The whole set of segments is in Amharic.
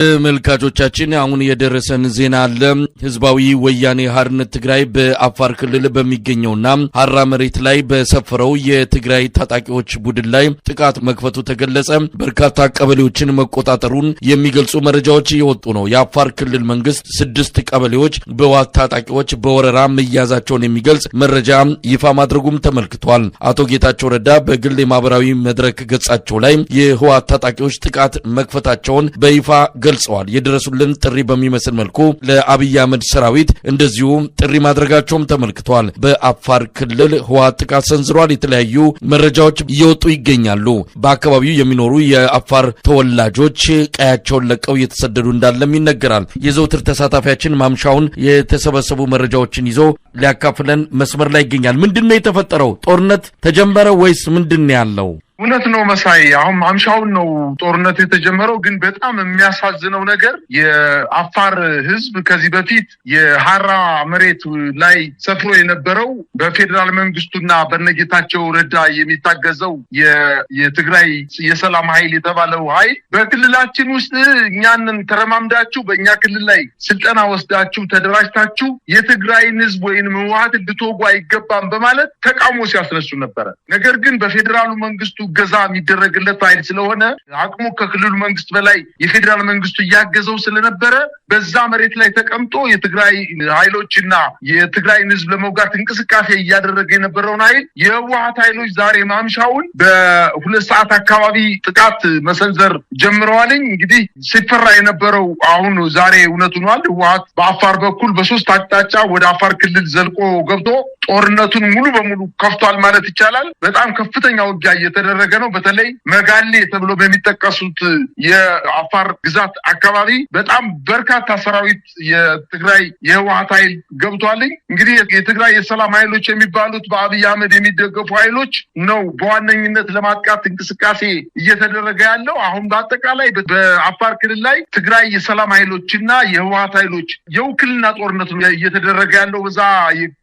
ተመልካቾቻችን አሁን የደረሰን ዜና አለ። ህዝባዊ ወያኔ ሀርነት ትግራይ በአፋር ክልል በሚገኘውና ሀራ መሬት ላይ በሰፈረው የትግራይ ታጣቂዎች ቡድን ላይ ጥቃት መክፈቱ ተገለጸ። በርካታ ቀበሌዎችን መቆጣጠሩን የሚገልጹ መረጃዎች እየወጡ ነው። የአፋር ክልል መንግስት ስድስት ቀበሌዎች በዋት ታጣቂዎች በወረራ መያዛቸውን የሚገልጽ መረጃ ይፋ ማድረጉም ተመልክቷል። አቶ ጌታቸው ረዳ በግል የማህበራዊ መድረክ ገጻቸው ላይ የህዋት ታጣቂዎች ጥቃት መክፈታቸውን በይፋ ገልጸዋል። የደረሱልን ጥሪ በሚመስል መልኩ ለአብይ አህመድ ሰራዊት እንደዚሁም ጥሪ ማድረጋቸውም ተመልክቷል። በአፋር ክልል ህወሓት ጥቃት ሰንዝሯል። የተለያዩ መረጃዎች እየወጡ ይገኛሉ። በአካባቢው የሚኖሩ የአፋር ተወላጆች ቀያቸውን ለቀው እየተሰደዱ እንዳለም ይነገራል። የዘውትር ተሳታፊያችን ማምሻውን የተሰበሰቡ መረጃዎችን ይዞ ሊያካፍለን መስመር ላይ ይገኛል። ምንድን ነው የተፈጠረው? ጦርነት ተጀመረ ወይስ ምንድን ነው ያለው? እውነት ነው መሳይ። አሁን ማምሻውን ነው ጦርነት የተጀመረው። ግን በጣም የሚያሳዝነው ነገር የአፋር ህዝብ ከዚህ በፊት የሀራ መሬት ላይ ሰፍሮ የነበረው በፌዴራል መንግስቱና በነጌታቸው ረዳ የሚታገዘው የትግራይ የሰላም ኃይል የተባለው ኃይል በክልላችን ውስጥ እኛንን ተረማምዳችሁ በእኛ ክልል ላይ ስልጠና ወስዳችሁ ተደራጅታችሁ የትግራይን ህዝብ ወይም ህወሀት ልትወጉ አይገባም በማለት ተቃውሞ ሲያስነሱ ነበረ። ነገር ግን በፌዴራሉ መንግስቱ እገዛ የሚደረግለት ኃይል ስለሆነ አቅሙ ከክልሉ መንግስት በላይ የፌዴራል መንግስቱ እያገዘው ስለነበረ በዛ መሬት ላይ ተቀምጦ የትግራይ እና የትግራይን ህዝብ ለመውጋት እንቅስቃሴ እያደረገ የነበረውን ኃይል የህወሀት ኃይሎች ዛሬ ማምሻውን በሁለት ሰዓት አካባቢ ጥቃት መሰንዘር ጀምረዋልኝ። እንግዲህ ሲፈራ የነበረው አሁን ዛሬ እውነት ሆኗል። ህወሀት በአፋር በኩል በሶስት አቅጣጫ ወደ አፋር ክልል ዘልቆ ገብቶ ጦርነቱን ሙሉ በሙሉ ከፍቷል ማለት ይቻላል። በጣም ከፍተኛ ውጊያ እየተደረገ እየተደረገ ነው። በተለይ መጋሌ ተብሎ በሚጠቀሱት የአፋር ግዛት አካባቢ በጣም በርካታ ሰራዊት የትግራይ የህወሀት ኃይል ገብቷልኝ። እንግዲህ የትግራይ የሰላም ኃይሎች የሚባሉት በአብይ አህመድ የሚደገፉ ኃይሎች ነው በዋነኝነት ለማጥቃት እንቅስቃሴ እየተደረገ ያለው። አሁን በአጠቃላይ በአፋር ክልል ላይ ትግራይ የሰላም ኃይሎችና የህወሀት ኃይሎች የውክልና ጦርነት ነው እየተደረገ ያለው በዛ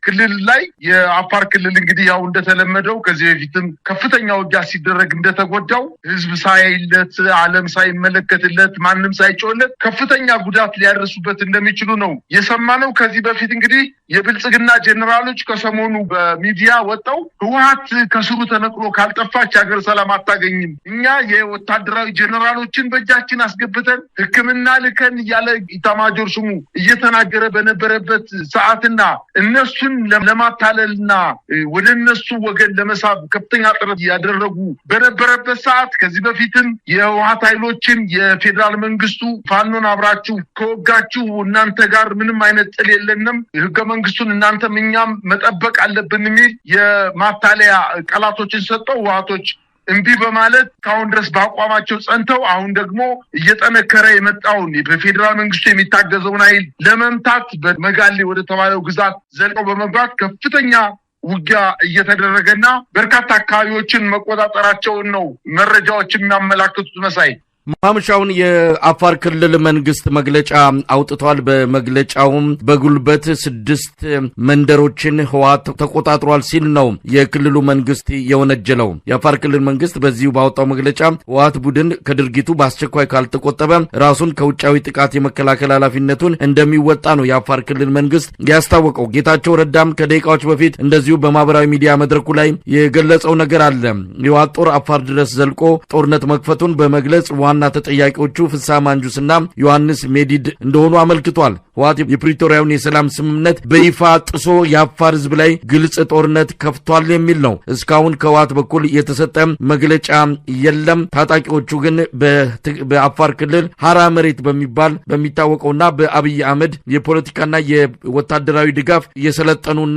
ክልል ላይ። የአፋር ክልል እንግዲህ ያው እንደተለመደው ከዚህ በፊትም ከፍተኛ ውጊያ ሲደረግ እንደተጎዳው ህዝብ ሳይለት አለም ሳይመለከትለት ማንም ሳይጮለት ከፍተኛ ጉዳት ሊያደርሱበት እንደሚችሉ ነው የሰማነው። ከዚህ በፊት እንግዲህ የብልጽግና ጀኔራሎች ከሰሞኑ በሚዲያ ወጣው ህወሀት ከስሩ ተነቅሎ ካልጠፋች ሀገር ሰላም አታገኝም፣ እኛ የወታደራዊ ጀኔራሎችን በእጃችን አስገብተን ህክምና ልከን እያለ ኢታማጆር ስሙ እየተናገረ በነበረበት ሰዓትና እነሱን ለማታለልና ወደ እነሱ ወገን ለመሳብ ከፍተኛ ጥረት ያደረጉ በነበረበት ሰዓት ከዚህ በፊትም የህወሀት ኃይሎችን የፌዴራል መንግስቱ ፋኖን አብራችሁ ከወጋችሁ እናንተ ጋር ምንም አይነት ጥል የለንም፣ ህገ መንግስቱን እናንተም እኛም መጠበቅ አለብን የሚል የማታለያ ቃላቶችን ሰጠው ህወሀቶች እምቢ በማለት ከአሁን ድረስ በአቋማቸው ጸንተው አሁን ደግሞ እየጠነከረ የመጣውን በፌዴራል መንግስቱ የሚታገዘውን ኃይል ለመምታት በመጋሌ ወደ ተባለው ግዛት ዘልቀው በመግባት ከፍተኛ ውጊያ እየተደረገና በርካታ አካባቢዎችን መቆጣጠራቸውን ነው መረጃዎች የሚያመላክቱት። መሳይ ማምሻውን የአፋር ክልል መንግስት መግለጫ አውጥቷል። በመግለጫውም በጉልበት ስድስት መንደሮችን ህወሓት ተቆጣጥሯል ሲል ነው የክልሉ መንግስት የወነጀለው። የአፋር ክልል መንግስት በዚሁ ባወጣው መግለጫ ህወሓት ቡድን ከድርጊቱ በአስቸኳይ ካልተቆጠበ ራሱን ከውጫዊ ጥቃት የመከላከል ኃላፊነቱን እንደሚወጣ ነው የአፋር ክልል መንግስት ያስታወቀው። ጌታቸው ረዳም ከደቂቃዎች በፊት እንደዚሁ በማህበራዊ ሚዲያ መድረኩ ላይ የገለጸው ነገር አለ። የህወሓት ጦር አፋር ድረስ ዘልቆ ጦርነት መክፈቱን በመግለጽ ዋ። ዋና ተጠያቂዎቹ ፍሳ ማንጁስና ዮሐንስ ሜዲድ እንደሆኑ አመልክቷል። ህወሓት የፕሪቶሪያውን የሰላም ስምምነት በይፋ ጥሶ የአፋር ህዝብ ላይ ግልጽ ጦርነት ከፍቷል የሚል ነው። እስካሁን ከህወሓት በኩል የተሰጠ መግለጫ የለም። ታጣቂዎቹ ግን በአፋር ክልል ሀራ መሬት በሚባል በሚታወቀውና በአብይ አህመድ የፖለቲካና የወታደራዊ ድጋፍ የሰለጠኑና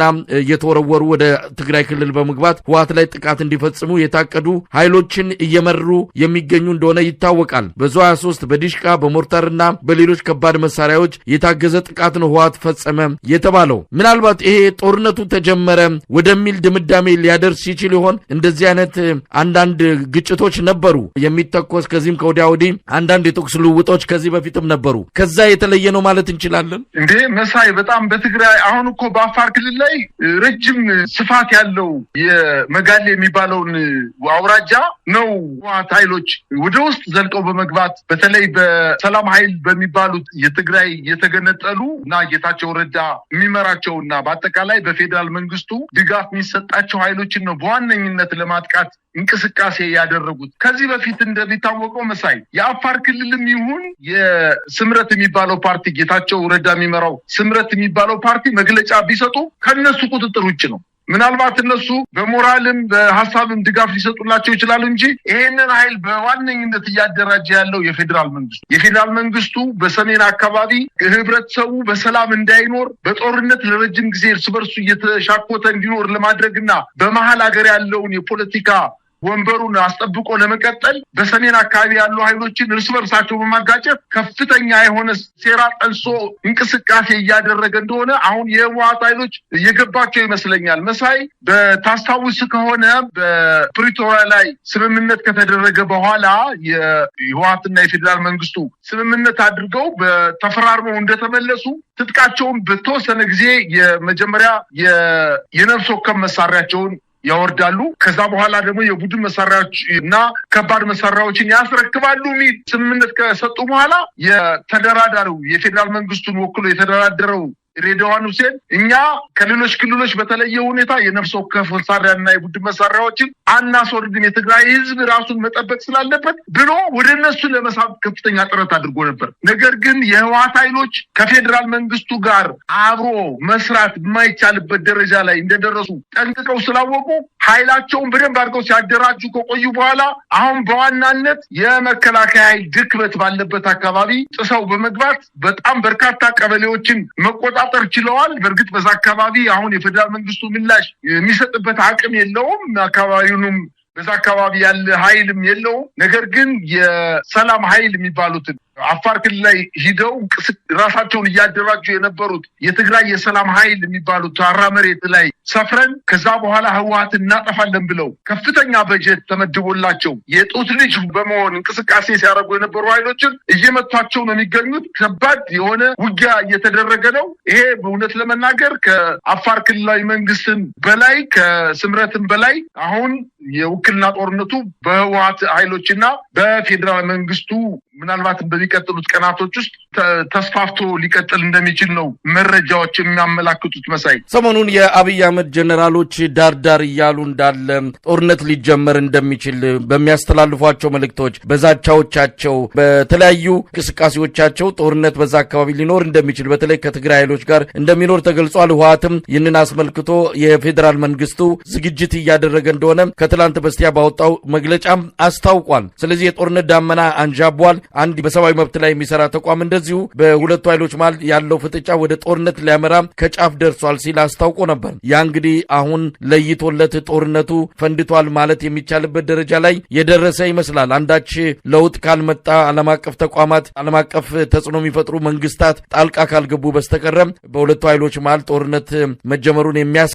የተወረወሩ ወደ ትግራይ ክልል በመግባት ህወሓት ላይ ጥቃት እንዲፈጽሙ የታቀዱ ኃይሎችን እየመሩ የሚገኙ እንደሆነ ይታወቃል። በዙ 23 በዲሽቃ በሞርታርና በሌሎች ከባድ መሳሪያዎች የታገ ያወገዘ ጥቃት ነው ህወሓት ፈጸመ የተባለው። ምናልባት ይሄ ጦርነቱ ተጀመረ ወደሚል ድምዳሜ ሊያደርስ ይችል ይሆን? እንደዚህ አይነት አንዳንድ ግጭቶች ነበሩ የሚተኮስ ከዚህም ከወዲያ ወዲህ አንዳንድ የተኩስ ልውውጦች ከዚህ በፊትም ነበሩ። ከዛ የተለየ ነው ማለት እንችላለን እንዴ? መሳይ በጣም በትግራይ አሁን እኮ በአፋር ክልል ላይ ረጅም ስፋት ያለው የመጋሌ የሚባለውን አውራጃ ነው ህወሓት ኃይሎች ወደ ውስጥ ዘልቀው በመግባት በተለይ በሰላም ኃይል በሚባሉት የትግራይ የተገነ እንደቀጠሉ እና ጌታቸው ረዳ የሚመራቸውና በአጠቃላይ በፌዴራል መንግስቱ ድጋፍ የሚሰጣቸው ኃይሎችን ነው በዋነኝነት ለማጥቃት እንቅስቃሴ ያደረጉት። ከዚህ በፊት እንደሚታወቀው መሳይ የአፋር ክልልም ይሁን የስምረት የሚባለው ፓርቲ ጌታቸው ረዳ የሚመራው ስምረት የሚባለው ፓርቲ መግለጫ ቢሰጡ ከነሱ ቁጥጥር ውጭ ነው። ምናልባት እነሱ በሞራልም በሀሳብም ድጋፍ ሊሰጡላቸው ይችላሉ እንጂ ይሄንን ኃይል በዋነኝነት እያደራጀ ያለው የፌዴራል መንግስቱ የፌዴራል መንግስቱ በሰሜን አካባቢ ህብረተሰቡ በሰላም እንዳይኖር በጦርነት ለረጅም ጊዜ እርስ በርሱ እየተሻኮተ እንዲኖር ለማድረግና በመሀል ሀገር ያለውን የፖለቲካ ወንበሩን አስጠብቆ ለመቀጠል በሰሜን አካባቢ ያሉ ኃይሎችን እርስ በርሳቸው በማጋጨት ከፍተኛ የሆነ ሴራ ጠልሶ እንቅስቃሴ እያደረገ እንደሆነ አሁን የህወሀት ኃይሎች እየገባቸው ይመስለኛል። መሳይ በታስታውስ ከሆነ በፕሪቶሪያ ላይ ስምምነት ከተደረገ በኋላ የህወሀትና የፌዴራል መንግስቱ ስምምነት አድርገው በተፈራርመው እንደተመለሱ ትጥቃቸውን በተወሰነ ጊዜ የመጀመሪያ የነፍስ ወከፍ መሳሪያቸውን ያወርዳሉ። ከዛ በኋላ ደግሞ የቡድን መሳሪያዎች እና ከባድ መሳሪያዎችን ያስረክባሉ የሚል ስምምነት ከሰጡ በኋላ የተደራዳሪው የፌዴራል መንግስቱን ወክሎ የተደራደረው ሬዲዋን ሁሴን እኛ ከሌሎች ክልሎች በተለየ ሁኔታ የነፍስ ወከፍ መሳሪያና የቡድን መሳሪያዎችን አናስወርድም፣ የትግራይ ህዝብ ራሱን መጠበቅ ስላለበት ብሎ ወደ እነሱ ለመሳብ ከፍተኛ ጥረት አድርጎ ነበር። ነገር ግን የህወሓት ኃይሎች ከፌዴራል መንግስቱ ጋር አብሮ መስራት የማይቻልበት ደረጃ ላይ እንደደረሱ ጠንቅቀው ስላወቁ ኃይላቸውን በደንብ አድርገው ሲያደራጁ ከቆዩ በኋላ አሁን በዋናነት የመከላከያ ኃይል ድክመት ባለበት አካባቢ ጥሰው በመግባት በጣም በርካታ ቀበሌዎችን መቆጣ መቆጣጠር ችለዋል። በእርግጥ በዛ አካባቢ አሁን የፌዴራል መንግስቱ ምላሽ የሚሰጥበት አቅም የለውም። አካባቢውንም በዛ አካባቢ ያለ ኃይልም የለውም። ነገር ግን የሰላም ሀይል የሚባሉትን አፋር ክልል ላይ ሂደው ራሳቸውን እያደራጁ የነበሩት የትግራይ የሰላም ኃይል የሚባሉት አራ መሬት ላይ ሰፍረን ከዛ በኋላ ህወሀት እናጠፋለን ብለው ከፍተኛ በጀት ተመድቦላቸው የጡት ልጅ በመሆን እንቅስቃሴ ሲያደርጉ የነበሩ ኃይሎችን እየመቷቸው ነው የሚገኙት። ከባድ የሆነ ውጊያ እየተደረገ ነው። ይሄ በእውነት ለመናገር ከአፋር ክልላዊ መንግስትን በላይ ከስምረትን በላይ አሁን የውክልና ጦርነቱ በህወሀት ኃይሎችና በፌዴራል መንግስቱ ምናልባት በሚቀጥሉት ቀናቶች ውስጥ ተስፋፍቶ ሊቀጥል እንደሚችል ነው መረጃዎች የሚያመላክቱት። መሳይ ሰሞኑን የአብይ አህመድ ጀኔራሎች ዳርዳር እያሉ እንዳለ ጦርነት ሊጀመር እንደሚችል በሚያስተላልፏቸው መልእክቶች፣ በዛቻዎቻቸው፣ በተለያዩ እንቅስቃሴዎቻቸው ጦርነት በዛ አካባቢ ሊኖር እንደሚችል በተለይ ከትግራይ ኃይሎች ጋር እንደሚኖር ተገልጿል። ህወሓትም ይህንን አስመልክቶ የፌዴራል መንግስቱ ዝግጅት እያደረገ እንደሆነ ከትላንት በስቲያ ባወጣው መግለጫም አስታውቋል። ስለዚህ የጦርነት ዳመና አንዣቧል። አንድ በሰብአዊ መብት ላይ የሚሰራ ተቋም እንደዚሁ በሁለቱ ኃይሎች መሃል ያለው ፍጥጫ ወደ ጦርነት ሊያመራ ከጫፍ ደርሷል ሲል አስታውቆ ነበር። ያ እንግዲህ አሁን ለይቶለት ጦርነቱ ፈንድቷል ማለት የሚቻልበት ደረጃ ላይ የደረሰ ይመስላል። አንዳች ለውጥ ካልመጣ ዓለም አቀፍ ተቋማት፣ ዓለም አቀፍ ተጽዕኖ የሚፈጥሩ መንግስታት ጣልቃ ካልገቡ በስተቀረም በሁለቱ ኃይሎች መሃል ጦርነት መጀመሩን የሚያስ